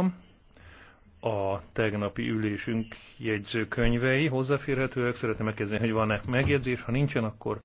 megkaptam. A tegnapi ülésünk jegyzőkönyvei hozzáférhetőek. Szeretném megkezdeni, hogy van-e megjegyzés. Ha nincsen, akkor